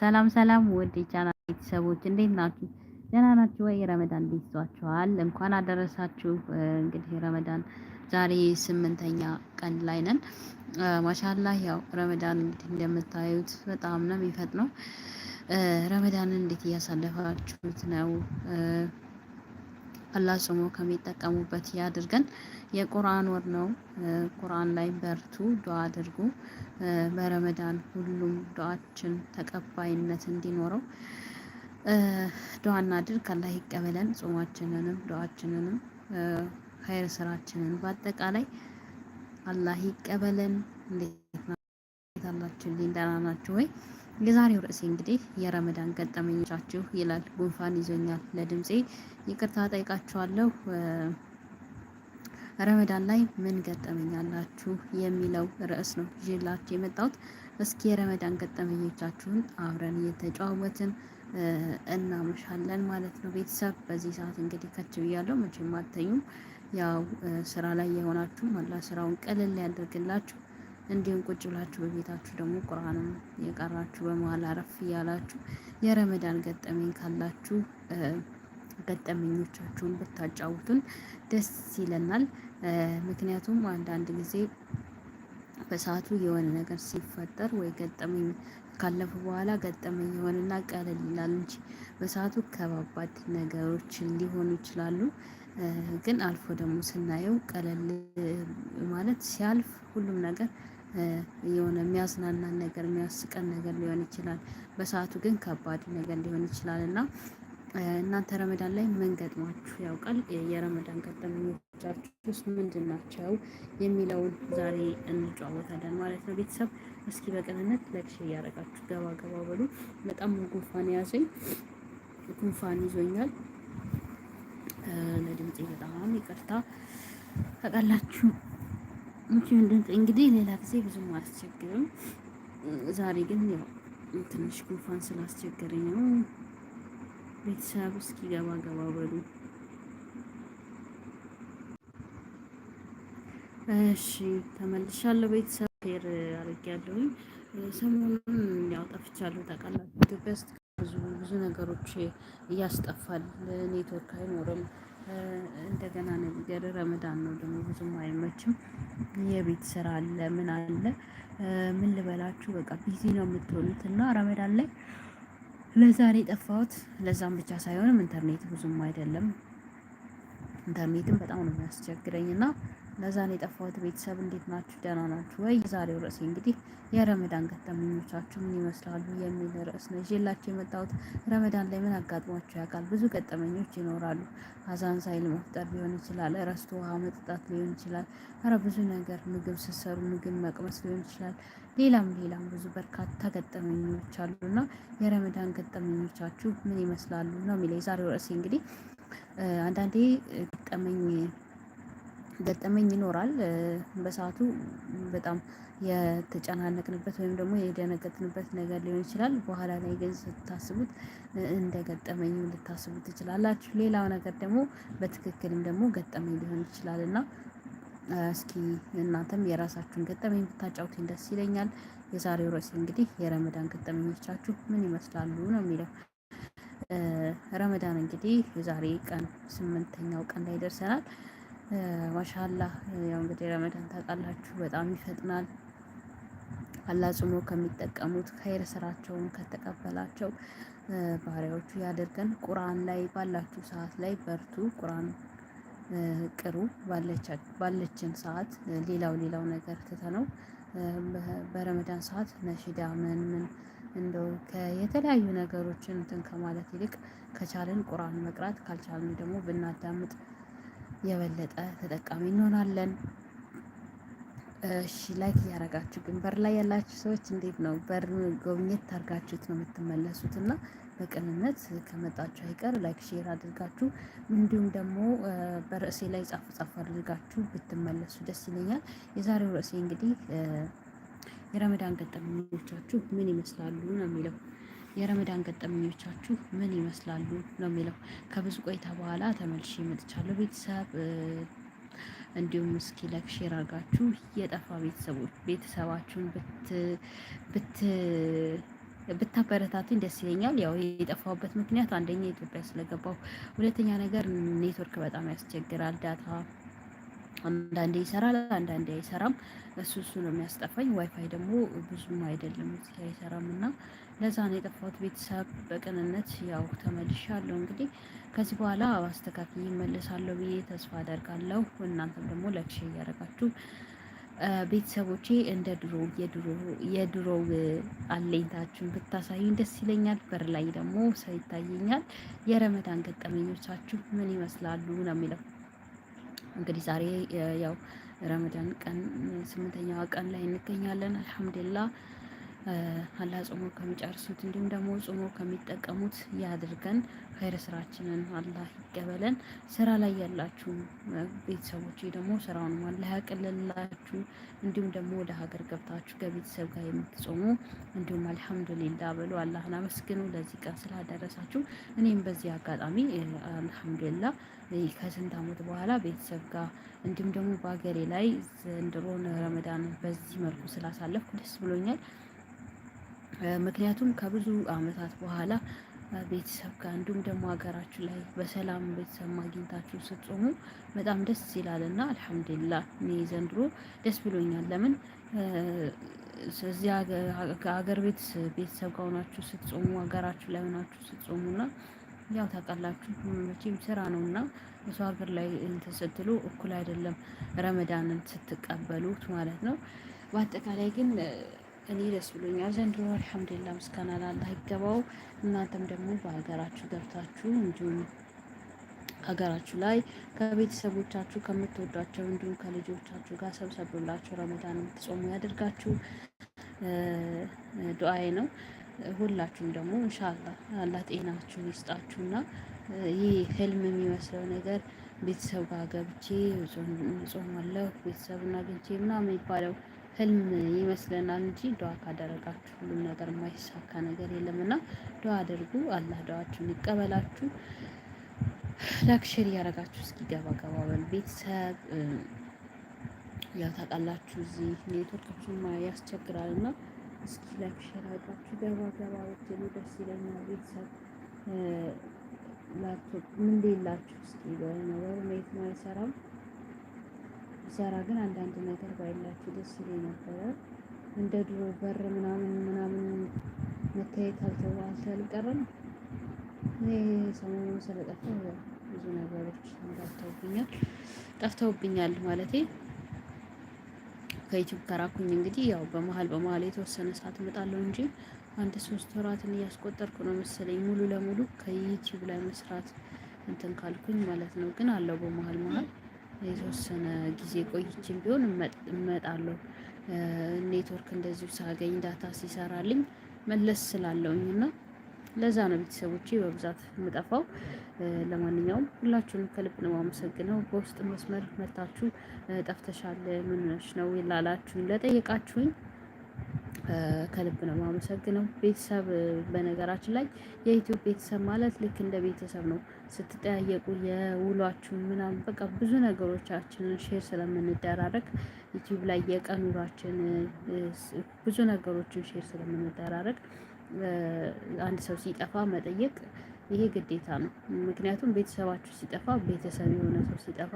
ሰላም ሰላም ውድ የቻናል ቤተሰቦች እንዴት ናችሁ? ደህና ናችሁ ወይ? ረመዳን እንዴት ይዟችኋል? እንኳን አደረሳችሁ። እንግዲህ ረመዳን ዛሬ ስምንተኛ ቀን ላይ ነን። ማሻላህ ያው ረመዳን እንግዲህ እንደምታዩት በጣም ነው የሚፈጥነው። ረመዳንን እንዴት እያሳለፋችሁት ነው? አላህ ጾሞ ከሚጠቀሙበት ያድርገን። የቁርአን ወር ነው። ቁርአን ላይ በርቱ፣ ዱዓ አድርጉ። በረመዳን ሁሉም ዱዓችን ተቀባይነት እንዲኖረው ዱዓ እናድርግ። አላህ ይቀበለን ጾማችንንም ዱዓችንንም ኸይር ስራችንን በአጠቃላይ አላህ ይቀበለን። እንዴት ታላችሁ? ደህና ናችሁ ወይ? የዛሬው ርዕሴ እንግዲህ የረመዳን ገጠመኞቻችሁ ይላል። ጉንፋን ይዞኛል፣ ለድምፄ ይቅርታ ጠይቃችኋለሁ። ረመዳን ላይ ምን ገጠመኝ የሚለው ርዕስ ነው ይዤላችሁ የመጣሁት። እስኪ የረመዳን ገጠመኞቻችሁን አብረን እየተጫወትን እናመሻለን ማለት ነው። ቤተሰብ በዚህ ሰዓት እንግዲህ ከች ብያለሁ። መቼም አልተኙም። ያው ስራ ላይ የሆናችሁ መላ ስራውን ቀለል ያደርግላችሁ። እንዲሁም ቁጭ ብላችሁ በቤታችሁ ደግሞ ቁርአንም የቀራችሁ በመሀል አረፍ እያላችሁ የረመዳን ገጠመኝ ካላችሁ ገጠመኞቻችሁን ብታጫውቱን ደስ ይለናል። ምክንያቱም አንዳንድ ጊዜ በሰዓቱ የሆነ ነገር ሲፈጠር ወይ ገጠመኝ ካለፉ በኋላ ገጠመኝ የሆነና ቀለል ይላል እንጂ በሰዓቱ ከባባድ ነገሮች ሊሆኑ ይችላሉ። ግን አልፎ ደግሞ ስናየው ቀለል ማለት ሲያልፍ ሁሉም ነገር የሆነ የሚያዝናናን ነገር የሚያስቀን ነገር ሊሆን ይችላል። በሰዓቱ ግን ከባድ ነገር ሊሆን ይችላል እና እናንተ ረመዳን ላይ ምን ገጥሟችሁ ያውቃል? የረመዳን ገጠመኞቻችሁ ውስጥ ምንድን ናቸው የሚለውን ዛሬ እንጫወታለን ማለት ነው። ቤተሰብ እስኪ በቅንነት ለቅሽ እያረጋችሁ ገባ ገባ በሉ። በጣም ጉንፋን የያዘኝ ጉንፋን ይዞኛል። ለድምፄ በጣም ይቅርታ ታውቃላችሁ። ድምፅ እንግዲህ ሌላ ጊዜ ብዙም አያስቸግርም። ዛሬ ግን ያው ትንሽ ጉንፋን ስላስቸገረኝ ነው ቤተሰብ እስኪ ገባ ገባ በሉ። እሺ ተመልሻለሁ። ቤተሰብ ፌር አድርጌያለሁኝ። ሰሞኑን ያው ጠፍቻለሁ። ታውቃላችሁ ኢትዮጵያ ውስጥ ብዙ ብዙ ነገሮች እያስጠፋል። ኔትወርክ አይኖርም። እንደገና ነገር ረመዳን ነው ደግሞ ብዙም አይመችም። የቤት ስራ አለ ምን አለ ምን ልበላችሁ፣ በቃ ቢዚ ነው የምትሆኑት እና ረመዳን ላይ ለዛሬ ጠፋሁት። ለዛም ብቻ ሳይሆንም ኢንተርኔት ብዙም አይደለም። ኢንተርኔትም በጣም ነው የሚያስቸግረኝ እና ለዛሬ የጠፋሁት ቤተሰብ እንዴት ናችሁ? ደህና ናችሁ ወይ? የዛሬው ርዕሴ እንግዲህ የረመዳን ገጠመኞቻችሁ ምን ይመስላሉ የሚል ርዕስ ነው ይዤላችሁ የመጣሁት። ረመዳን ላይ ምን አጋጥሟችሁ ያውቃል? ብዙ ገጠመኞች ይኖራሉ። አዛን ሳይል መፍጠር ሊሆን ይችላል፣ እረስቶ ውሃ መጠጣት ሊሆን ይችላል። ኧረ ብዙ ነገር ምግብ ስትሰሩ ምግብ መቅመስ ሊሆን ይችላል። ሌላም ሌላም ብዙ በርካታ ገጠመኞች አሉና የረመዳን ገጠመኞቻችሁ ምን ይመስላሉ ነው የሚለው የዛሬው ርዕሴ። እንግዲህ አንዳንዴ ገጠመኝ ገጠመኝ ይኖራል። በሰዓቱ በጣም የተጨናነቅንበት ወይም ደግሞ የደነገጥንበት ነገር ሊሆን ይችላል። በኋላ ላይ ግን ስታስቡት እንደ ገጠመኝ ልታስቡት ትችላላችሁ። ሌላው ነገር ደግሞ በትክክልም ደግሞ ገጠመኝ ሊሆን ይችላል እና እስኪ እናንተም የራሳችሁን ገጠመኝ ብታጫውቱኝ ደስ ይለኛል። የዛሬው ርዕስ እንግዲህ የረመዳን ገጠመኞቻችሁ ምን ይመስላሉ ነው የሚለው። ረመዳን እንግዲህ የዛሬ ቀን ስምንተኛው ቀን ላይ ደርሰናል። ማሻላ ያው እንግዲህ ረመዳን ታውቃላችሁ በጣም ይፈጥናል። አላህ ከሚጠቀሙት ከይር ስራቸውን ከተቀበላቸው ባህሪያዎቹ ያደርገን። ቁርአን ላይ ባላችሁ ሰዓት ላይ በርቱ። ቁርአን ቅሩ ባለችን ሰዓት ሌላው ሌላው ነገር ትተ ነው በረመዳን ሰዓት ነሽዳ ምን ምን እንደው የተለያዩ ነገሮችን እንትን ከማለት ይልቅ ከቻልን ቁርአን መቅራት ካልቻልን ደግሞ ብናዳምጥ የበለጠ ተጠቃሚ እንሆናለን። እሺ ላይክ እያደረጋችሁ ግን በር ላይ ያላችሁ ሰዎች እንዴት ነው? በር ጎብኘት ታርጋችሁት ነው የምትመለሱት እና በቅንነት ከመጣችሁ አይቀር ላይክ ሼር አድርጋችሁ እንዲሁም ደግሞ በርዕሴ ላይ ጻፍ ጻፍ አድርጋችሁ ብትመለሱ ደስ ይለኛል። የዛሬው ርዕሴ እንግዲህ የረመዳን ገጠመኞቻችሁ ምን ይመስላሉ ነው የሚለው የረመዳን ገጠመኞቻችሁ ምን ይመስላሉ ነው የሚለው። ከብዙ ቆይታ በኋላ ተመልሼ መጥቻለሁ ቤተሰብ እንዲሁም እስኪ ላይክ ሼር አድርጋችሁ የጠፋ ቤተሰቦች ቤተሰባችሁን ብት ብታበረታትኝ ደስ ይለኛል። ያው የጠፋሁበት ምክንያት አንደኛ ኢትዮጵያ ስለገባሁ፣ ሁለተኛ ነገር ኔትወርክ በጣም ያስቸግራል። ዳታ አንዳንዴ ይሰራል፣ አንዳንዴ አይሰራም። እሱ እሱ ነው የሚያስጠፋኝ። ዋይፋይ ደግሞ ብዙም አይደለም አይሰራም እና ለዛ ነው የጠፋሁት ቤተሰብ። በቅንነት ያው ተመልሻለሁ። እንግዲህ ከዚህ በኋላ አስተካክዬ እመለሳለሁ ብዬ ተስፋ አደርጋለሁ። እናንተም ደግሞ ለክሽ እያደረጋችሁ ቤተሰቦቼ እንደ ድሮ የድሮ አለኝታችሁን ብታሳዩኝ ደስ ይለኛል። በር ላይ ደግሞ ሰው ይታየኛል። የረመዳን ገጠመኞቻችሁ ምን ይመስላሉ ነው የሚለው። እንግዲህ ዛሬ ያው ረመዳን ቀን ስምንተኛዋ ቀን ላይ እንገኛለን። አልሐምዱሊላህ አላህ ጾሞ ከሚጨርሱት እንዲሁም ደግሞ ጾሞ ከሚጠቀሙት ያድርገን። ኸይር ስራችንን አላህ ይቀበለን። ስራ ላይ ያላችሁ ቤተሰቦች ደግሞ ስራውን አላህ ያቅልላችሁ። እንዲሁም ደግሞ ወደ ሀገር ገብታችሁ ከቤተሰብ ጋር የምትጾሙ እንዲሁም አልሐምዱሊላህ ብሎ አላህን አመስግኑ ለዚህ ቀን ስላደረሳችሁ። እኔም በዚህ አጋጣሚ አልሐምዱሊላህ ከስንት ዓመት በኋላ ቤተሰብ ጋር እንዲሁም ደግሞ በሀገሬ ላይ ዘንድሮን ረመዳን በዚህ መልኩ ስላሳለፍኩ ደስ ብሎኛል። ምክንያቱም ከብዙ አመታት በኋላ ቤተሰብ ጋር እንዲሁም ደግሞ ሀገራችሁ ላይ በሰላም ቤተሰብ ማግኘታችሁ ስትጾሙ በጣም ደስ ይላል እና አልሐምዱሊላ እኔ ዘንድሮ ደስ ብሎኛል። ለምን እዚህ ሀገር ቤት ቤተሰብ ጋር ሆናችሁ ስትጾሙ ሀገራችሁ ላይ ሆናችሁ ስትጾሙና ያው ታውቃላችሁ መቼም ስራ ነው እና እሱ ሀገር ላይ እንትን ስትሉ እኩል አይደለም ረመዳንን ስትቀበሉት ማለት ነው። በአጠቃላይ ግን እኔ ደስ ብሎኛል። ዘንድሮ አልሐምዱሊላ ምስጋና ላላህ ይገባው። እናንተም ደግሞ በሀገራችሁ ገብታችሁ እንዲሁም ሀገራችሁ ላይ ከቤተሰቦቻችሁ ከምትወዷቸው እንዲሁም ከልጆቻችሁ ጋር ሰብሰብ ብላችሁ ረመዳን የምትጾሙ ያደርጋችሁ ዱአዬ ነው። ሁላችሁም ደግሞ እንሻላ አላህ ጤናችሁን ይስጣችሁና ይህ ህልም የሚመስለው ነገር ቤተሰብ ጋር ገብቼ ጾም አለሁ ቤተሰብና ግንቼ ምናምን ይባለው ህልም ይመስለናል እንጂ ዱዓ ካደረጋችሁ ሁሉም ነገር የማይሳካ ነገር የለምና ዱዓ አድርጉ። አላህ ዱዓችሁን ይቀበላችሁ። ላይክ ሼር እያደረጋችሁ እስኪ ገባ ገባ በል ቤተሰብ። ያው ታውቃላችሁ እዚህ ኔትወርኮችማ ያስቸግራል እና እስኪ ላይክ ሼር አድርጋችሁ ገባ ገባ ብትሉ ደስ ይለኛል ቤተሰብ። ላፕቶፕ ምን ሌላችሁ እስኪ በነገሩ ኔት አይሰራም ብሰራ ግን አንዳንድ ነገር ባይላችሁ ደስ ይለኝ ነበረ። እንደ ድሮ በር ምናምን ምናምን መታየት አልቀረም። እኔ ሰሞኑን ስለጠፋ ብዙ ነገሮች ጠፍተውብኛል ጠፍተውብኛል ማለት ከዩቱብ ከራኩኝ እንግዲህ ያው በመሀል በመሀል የተወሰነ ሰዓት እመጣለሁ እንጂ አንድ ሶስት ወራትን እያስቆጠርኩ ነው መሰለኝ ሙሉ ለሙሉ ከዩቲዩብ ላይ መስራት እንትን ካልኩኝ ማለት ነው። ግን አለው በመሀል መሀል የተወሰነ ጊዜ ቆይችን ቢሆን እመጣለሁ። ኔትወርክ እንደዚሁ ሳገኝ ዳታ ሲሰራልኝ መለስ ስላለውኝ እና ለዛ ነው ቤተሰቦቼ በብዛት የምጠፋው። ለማንኛውም ሁላችሁንም ከልብ ነው አመሰግነው። በውስጥ መስመር መታችሁ ጠፍተሻል ምን ነው ይላላችሁኝ ለጠየቃችሁኝ ከልብ ነው የማመሰግነው። ቤተሰብ በነገራችን ላይ የኢትዮ ቤተሰብ ማለት ልክ እንደ ቤተሰብ ነው። ስትጠያየቁ የውሏችሁን ምናምን በቃ ብዙ ነገሮቻችንን ሼር ስለምንደራረግ ዩቲዩብ ላይ የቀን ውሏችን ብዙ ነገሮችን ሼር ስለምንደራረግ አንድ ሰው ሲጠፋ መጠየቅ ይሄ ግዴታ ነው። ምክንያቱም ቤተሰባችሁ ሲጠፋ ቤተሰብ የሆነ ሰው ሲጠፋ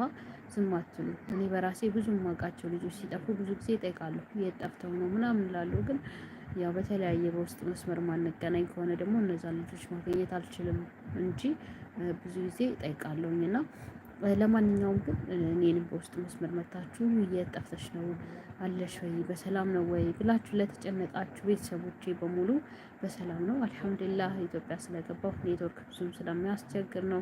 ዝም አትሉ። እኔ በራሴ ብዙ የማውቃቸው ልጆች ሲጠፉ ብዙ ጊዜ ይጠይቃሉ፣ የት ነው ምናምን ላለው ግን ያው በተለያየ በውስጥ መስመር ማንገናኝ ከሆነ ደግሞ እነዛ ልጆች ማገኘት አልችልም እንጂ ብዙ ጊዜ ይጠይቃለሁኝ እና ለማንኛውም ግን እኔንም በውስጥ መስመር መታችሁ የት ጠፍተሽ ነው አለሽ ወይ በሰላም ነው ወይ ብላችሁ ለተጨነቃችሁ ቤተሰቦቼ በሙሉ በሰላም ነው አልሐምዱሊላህ። ኢትዮጵያ ስለገባሁ ኔትወርክ ብዙም ስለሚያስቸግር ነው።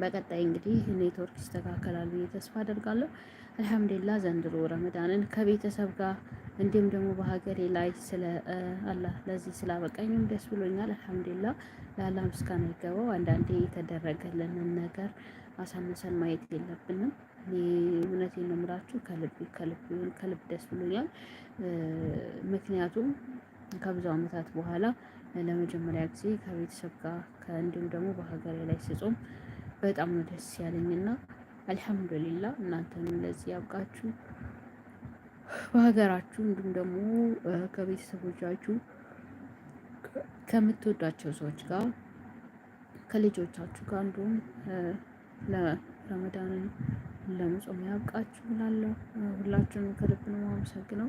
በቀጣይ እንግዲህ ኔትወርክ ይስተካከላል ብዬ ተስፋ አደርጋለሁ። አልሐምዱሊላህ ዘንድሮ ረመዳንን ከቤተሰብ ጋር እንዲሁም ደግሞ በሀገሬ ላይ ስለ አላህ ለዚህ ስላበቃኝም ደስ ብሎኛል። አልሐምዱሊላህ ለአላህ ምስጋና ይገባው። አንዳንዴ የተደረገልን ነገር አሳንሰን ማየት የለብንም። እኔ እውነት የምላችሁ ከልብ ከልብ ደስ ብሎኛል። ምክንያቱም ከብዙ ዓመታት በኋላ ለመጀመሪያ ጊዜ ከቤተሰብ ጋር እንዲሁም ደግሞ በሀገሬ ላይ ስጾም በጣም ነው ደስ ያለኝና አልሐምዱሊላ እናንተም ለዚህ ያብቃችሁ በሀገራችሁ እንዲሁም ደግሞ ከቤተሰቦቻችሁ ከምትወዷቸው ሰዎች ጋር ከልጆቻችሁ ጋር እንዲሁም ለረመዳንን ለመጾም ያብቃችሁ ብላለሁ። ሁላችሁም ከልብ ነው አመሰግነው።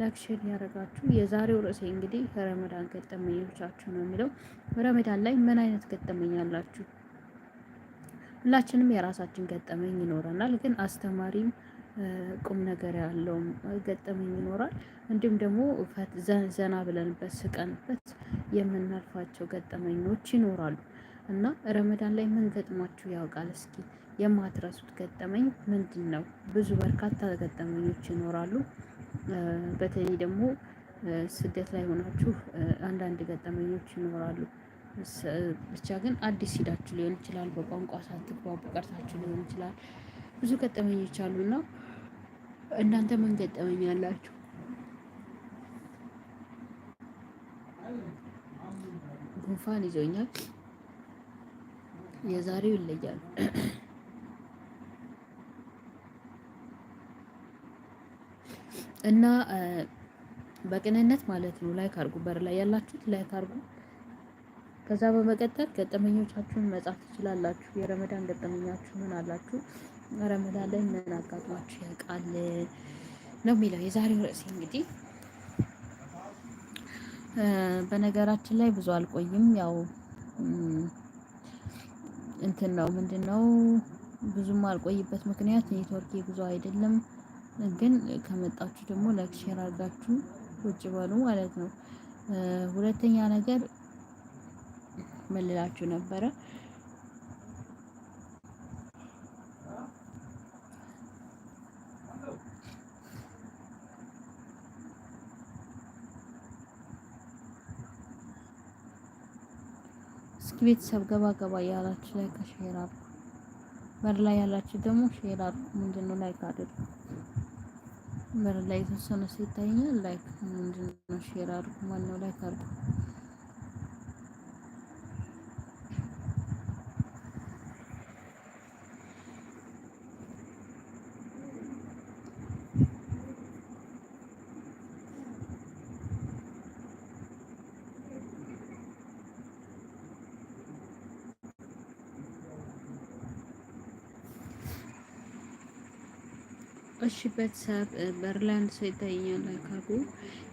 ላይክ ሼር ያደረጋችሁ። የዛሬው ርዕሴ እንግዲህ ከረመዳን ገጠመኞቻችሁ ነው የሚለው። ረመዳን ላይ ምን አይነት ገጠመኝ አላችሁ? ሁላችንም የራሳችን ገጠመኝ ይኖረናል፣ ግን አስተማሪም ቁም ነገር ያለውም ገጠመኝ ይኖራል። እንዲሁም ደግሞ ዘና ብለንበት ስቀንበት የምናልፋቸው ገጠመኞች ይኖራሉ። እና ረመዳን ላይ ምን ገጥሟችሁ ያውቃል? እስኪ የማትረሱት ገጠመኝ ምንድን ነው? ብዙ በርካታ ገጠመኞች ይኖራሉ። በተለይ ደግሞ ስደት ላይ ሆናችሁ አንዳንድ ገጠመኞች ይኖራሉ። ብቻ ግን አዲስ ሂዳችሁ ሊሆን ይችላል፣ በቋንቋ ሳትግባቡ ቀርታችሁ ሊሆን ይችላል። ብዙ ገጠመኞች አሉና እናንተ ምን ገጠመኝ ያላችሁ? ጉንፋን ይዞኛል። የዛሬው ይለያል። እና በቅንነት ማለት ነው። ላይክ አርጉ፣ በር ላይ ያላችሁት ላይክ አርጉ። ከዛ በመቀጠል ገጠመኞቻችሁን መጻፍ ትችላላችሁ። የረመዳን ገጠመኛችሁ ምን አላችሁ? ረመዳን ላይ ምን አጋጥማችሁ ያውቃል ነው የሚለው የዛሬው ርዕስ እንግዲህ በነገራችን ላይ ብዙ አልቆይም ያው እንትን ነው ምንድነው ብዙም አልቆይበት ምክንያት ኔትወርክ ብዙ አይደለም። ግን ከመጣችሁ ደግሞ ላይክ ሼር አድርጋችሁ ውጭ በሉ ማለት ነው። ሁለተኛ ነገር መልላችሁ ነበረ ቤተሰብ ገባ ገባ ያላችሁ ላይ ከሼር አድርጉ። በር ላይ ያላችሁ ደግሞ ሼር አድርጉ። ምንድነው ላይክ አድርጉ። በር ላይ የተወሰነ ሲታየኛል ላይክ ምንድነው ሼር አድርጉ። ማነው ላይክ አድርጉ። እሺ ቤተሰብ በርላንድ ሰው ይታየኛል ካርጉ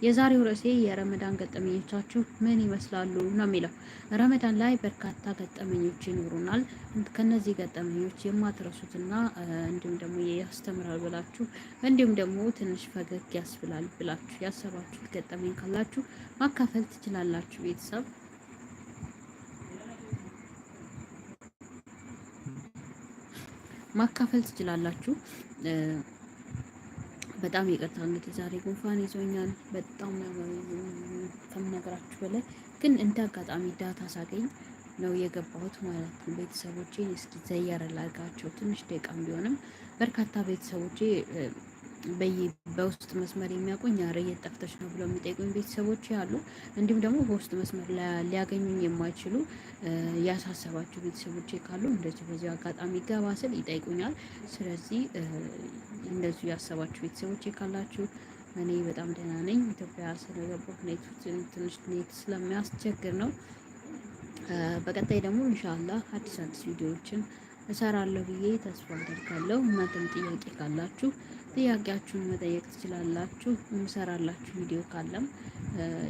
የዛሬው ርዕሴ የረመዳን ገጠመኞቻችሁ ምን ይመስላሉ ነው የሚለው። ረመዳን ላይ በርካታ ገጠመኞች ይኖሩናል። ከነዚህ ገጠመኞች የማትረሱትና እንዲሁም ደግሞ ያስተምራል ብላችሁ እንዲሁም ደግሞ ትንሽ ፈገግ ያስብላል ብላችሁ ያሰባችሁት ገጠመኝ ካላችሁ ማካፈል ትችላላችሁ ቤተሰብ ማካፈል ትችላላችሁ። በጣም ይቅርታ እንግዲህ ዛሬ ጉንፋን ይዞኛል። በጣም ከምነግራችሁ በላይ ግን እንደ አጋጣሚ ዳታ ሳገኝ ነው የገባሁት ማለት ነው። ቤተሰቦቼን እስኪ ዘየር ላድርጋቸው ትንሽ ደቂቃም ቢሆንም በርካታ ቤተሰቦቼ በውስጥ መስመር የሚያውቁኝ ኧረ የት ጠፍተሽ ነው ብለው የሚጠይቁኝ ቤተሰቦች አሉ። እንዲሁም ደግሞ በውስጥ መስመር ሊያገኙኝ የማይችሉ ያሳሰባቸው ቤተሰቦች ካሉ እንደዚህ በዚሁ አጋጣሚ ገባ ስል ይጠይቁኛል። ስለዚህ እንደዚሁ ያሰባችሁ ቤተሰቦች ካላችሁ እኔ በጣም ደህና ነኝ። ኢትዮጵያ ስለገባሁ ኔት ትንሽ ኔት ስለሚያስቸግር ነው። በቀጣይ ደግሞ እንሻላ አዲስ አዲስ ቪዲዮዎችን እሰራለሁ ብዬ ተስፋ አደርጋለሁ። እናንተም ጥያቄ ካላችሁ ጥያቄያችሁን መጠየቅ ትችላላችሁ። የምሰራላችሁ ቪዲዮ ካለም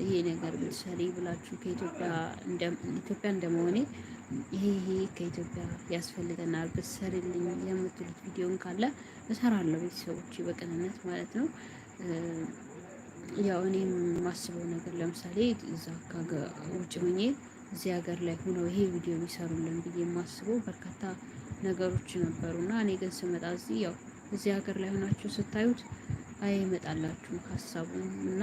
ይሄ ነገር ብትሰሪ ብላችሁ ከኢትዮጵያ ኢትዮጵያ እንደመሆኔ ይሄ ይሄ ከኢትዮጵያ ያስፈልገናል ብትሰሪልኝ የምትሉት ቪዲዮን ካለ እሰራለሁ ቤተሰቦች በቅንነት ማለት ነው። ያው እኔ የማስበው ነገር ለምሳሌ እዛ ውጭ ሆኜ እዚህ ሀገር ላይ ሆነው ይሄ ቪዲዮ የሚሰሩልን ብዬ የማስበው በርካታ ነገሮች ነበሩ እና እኔ ግን ስመጣ እዚህ ያው እዚህ ሀገር ላይ ሆናችሁ ስታዩት አይመጣላችሁም ሀሳቡ እና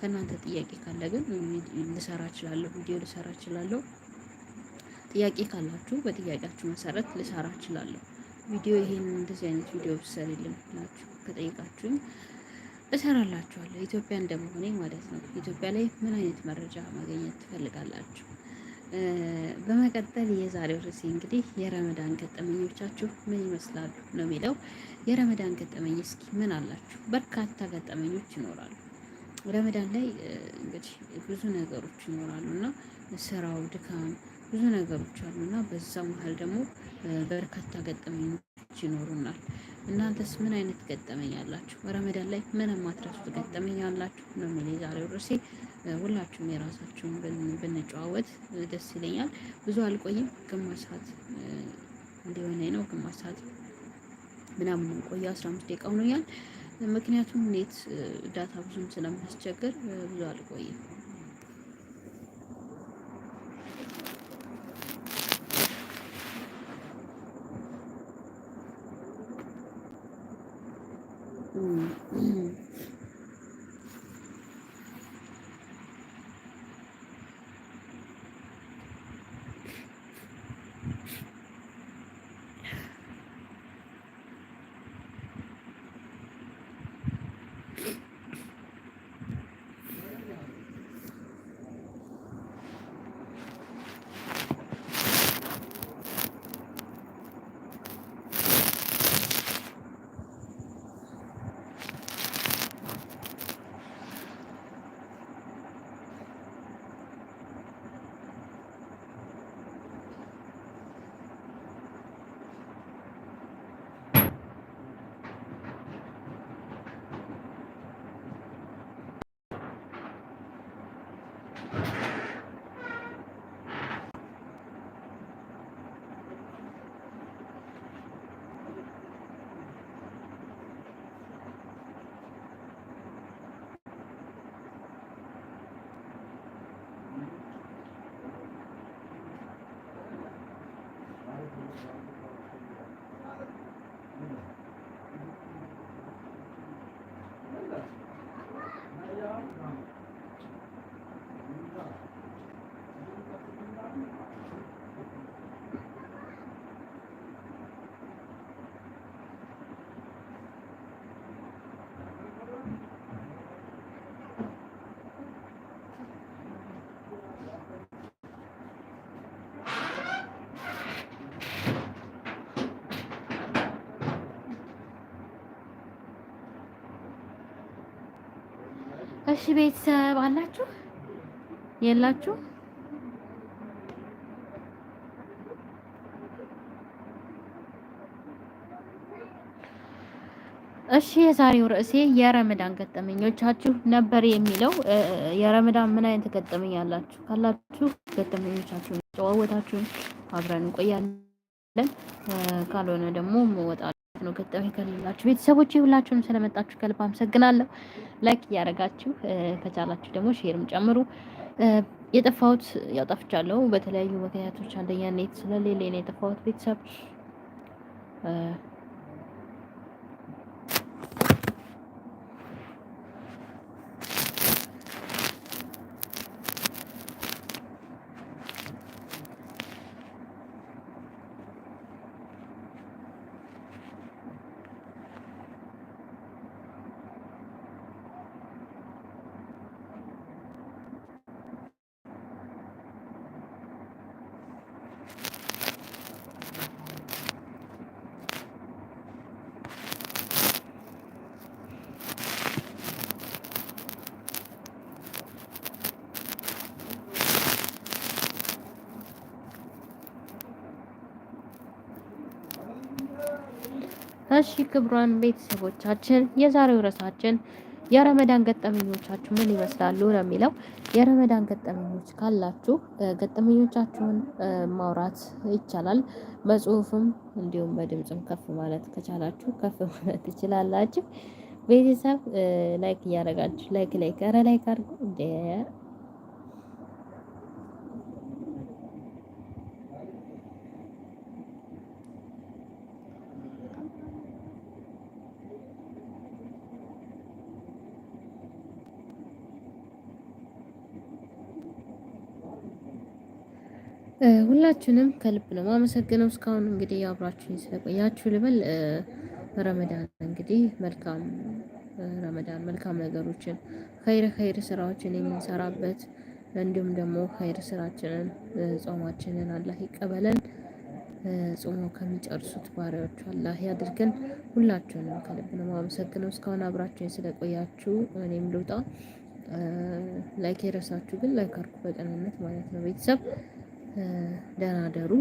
ከእናንተ ጥያቄ ካለ ግን ልሰራ እችላለሁ፣ ቪዲዮ ልሰራ እችላለሁ። ጥያቄ ካላችሁ በጥያቄያችሁ መሰረት ልሰራ እችላለሁ። ቪዲዮ ይሄን እንደዚህ አይነት ቪዲዮ ብትሰሩልኝ ብላችሁ ከጠይቃችሁኝ እሰራላችኋለሁ። ኢትዮጵያ እንደመሆኔ ማለት ነው። ኢትዮጵያ ላይ ምን አይነት መረጃ ማግኘት ትፈልጋላችሁ? በመቀጠል የዛሬው ርዕሴ እንግዲህ የረመዳን ገጠመኞቻችሁ ምን ይመስላሉ ነው የሚለው። የረመዳን ገጠመኝ እስኪ ምን አላችሁ? በርካታ ገጠመኞች ይኖራሉ። ረመዳን ላይ እንግዲህ ብዙ ነገሮች ይኖራሉ እና ስራው ድካም ብዙ ነገሮች አሉ እና በዛ መሀል ደግሞ በርካታ ገጠመኞች ይኖሩናል። እናንተስ ምን አይነት ገጠመኝ አላችሁ? ረመዳን ላይ ምን የማትረሱት ገጠመኝ አላችሁ ነው የሚል የዛሬው ርዕሴ። ሁላችሁም የራሳችሁን ብንጨዋወት ደስ ይለኛል። ብዙ አልቆይም፣ ግማሽ ሰዓት እንዲሆነ ነው ግማሽ ሰዓት ምናምን ቆየ። አስራ አምስት ደቂቃ ሆኖኛል። ምክንያቱም ኔት ዳታ ብዙም ስለሚያስቸግር ብዙ አልቆይም። እሺ ቤተሰብ አላችሁ የላችሁ? እሺ የዛሬው ርዕሴ የረመዳን ገጠመኞቻችሁ ነበር የሚለው። የረመዳን ምን አይነት ገጠመኝ ያላችሁ ካላችሁ ገጠመኞቻችሁን ጨዋወታችሁን አብረን እንቆያለን። ካልሆነ ደግሞ መወጣ ነው ገጠመኝ ከሌላችሁ ቤተሰቦች ሁላችሁንም ስለመጣችሁ ከልብ አመሰግናለሁ። ላይክ እያደረጋችሁ ከቻላችሁ ደግሞ ሼርም ጨምሩ። የጠፋሁት ያው ጠፍቻለሁ በተለያዩ ምክንያቶች፣ አንደኛ ኔት ስለሌለ ነው የጠፋሁት ቤተሰብ እሺ ክብሯን ቤተሰቦቻችን የዛሬው ርዕሳችን የረመዳን ገጠመኞቻችሁ ምን ይመስላሉ ነው የሚለው። የረመዳን ገጠመኞች ካላችሁ ገጠመኞቻችሁን ማውራት ይቻላል። በጽሁፍም እንዲሁም በድምፅም ከፍ ማለት ከቻላችሁ ከፍ ማለት ትችላላችሁ። ቤተሰብ ላይክ እያደረጋችሁ ላይክ ላይክ ኧረ ላይክ አድርጉ። ሁላችሁንም ከልብ ነው ማመሰግነው። እስካሁን እንግዲህ አብራችሁኝ ስለቆያችሁ ልበል። ረመዳን እንግዲህ መልካም ረመዳን መልካም ነገሮችን ኸይር ኸይር ስራዎችን የምንሰራበት እንዲሁም ደግሞ ኸይር ስራችንን ጾማችንን አላህ ይቀበለን። ጾሞ ከሚጨርሱት ባሪያዎቹ አላህ ያድርገን። ሁላችሁንም ከልብ ነው ማመሰግነው። እስካሁን አብራችሁኝ ስለቆያችሁ እኔም ልውጣ። ላይክ የረሳችሁ ግን ላይክ አድርጉ በቀናነት ማለት ነው ቤተሰብ ደህና ደሩ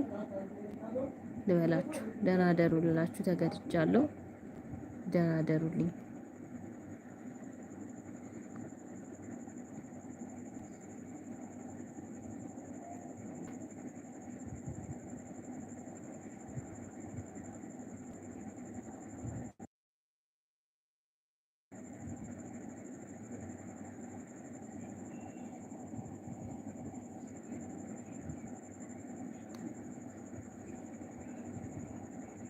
ልበላችሁ፣ ደህና ደሩ ልላችሁ ተገድጃለሁ። ደህና ደሩልኝ።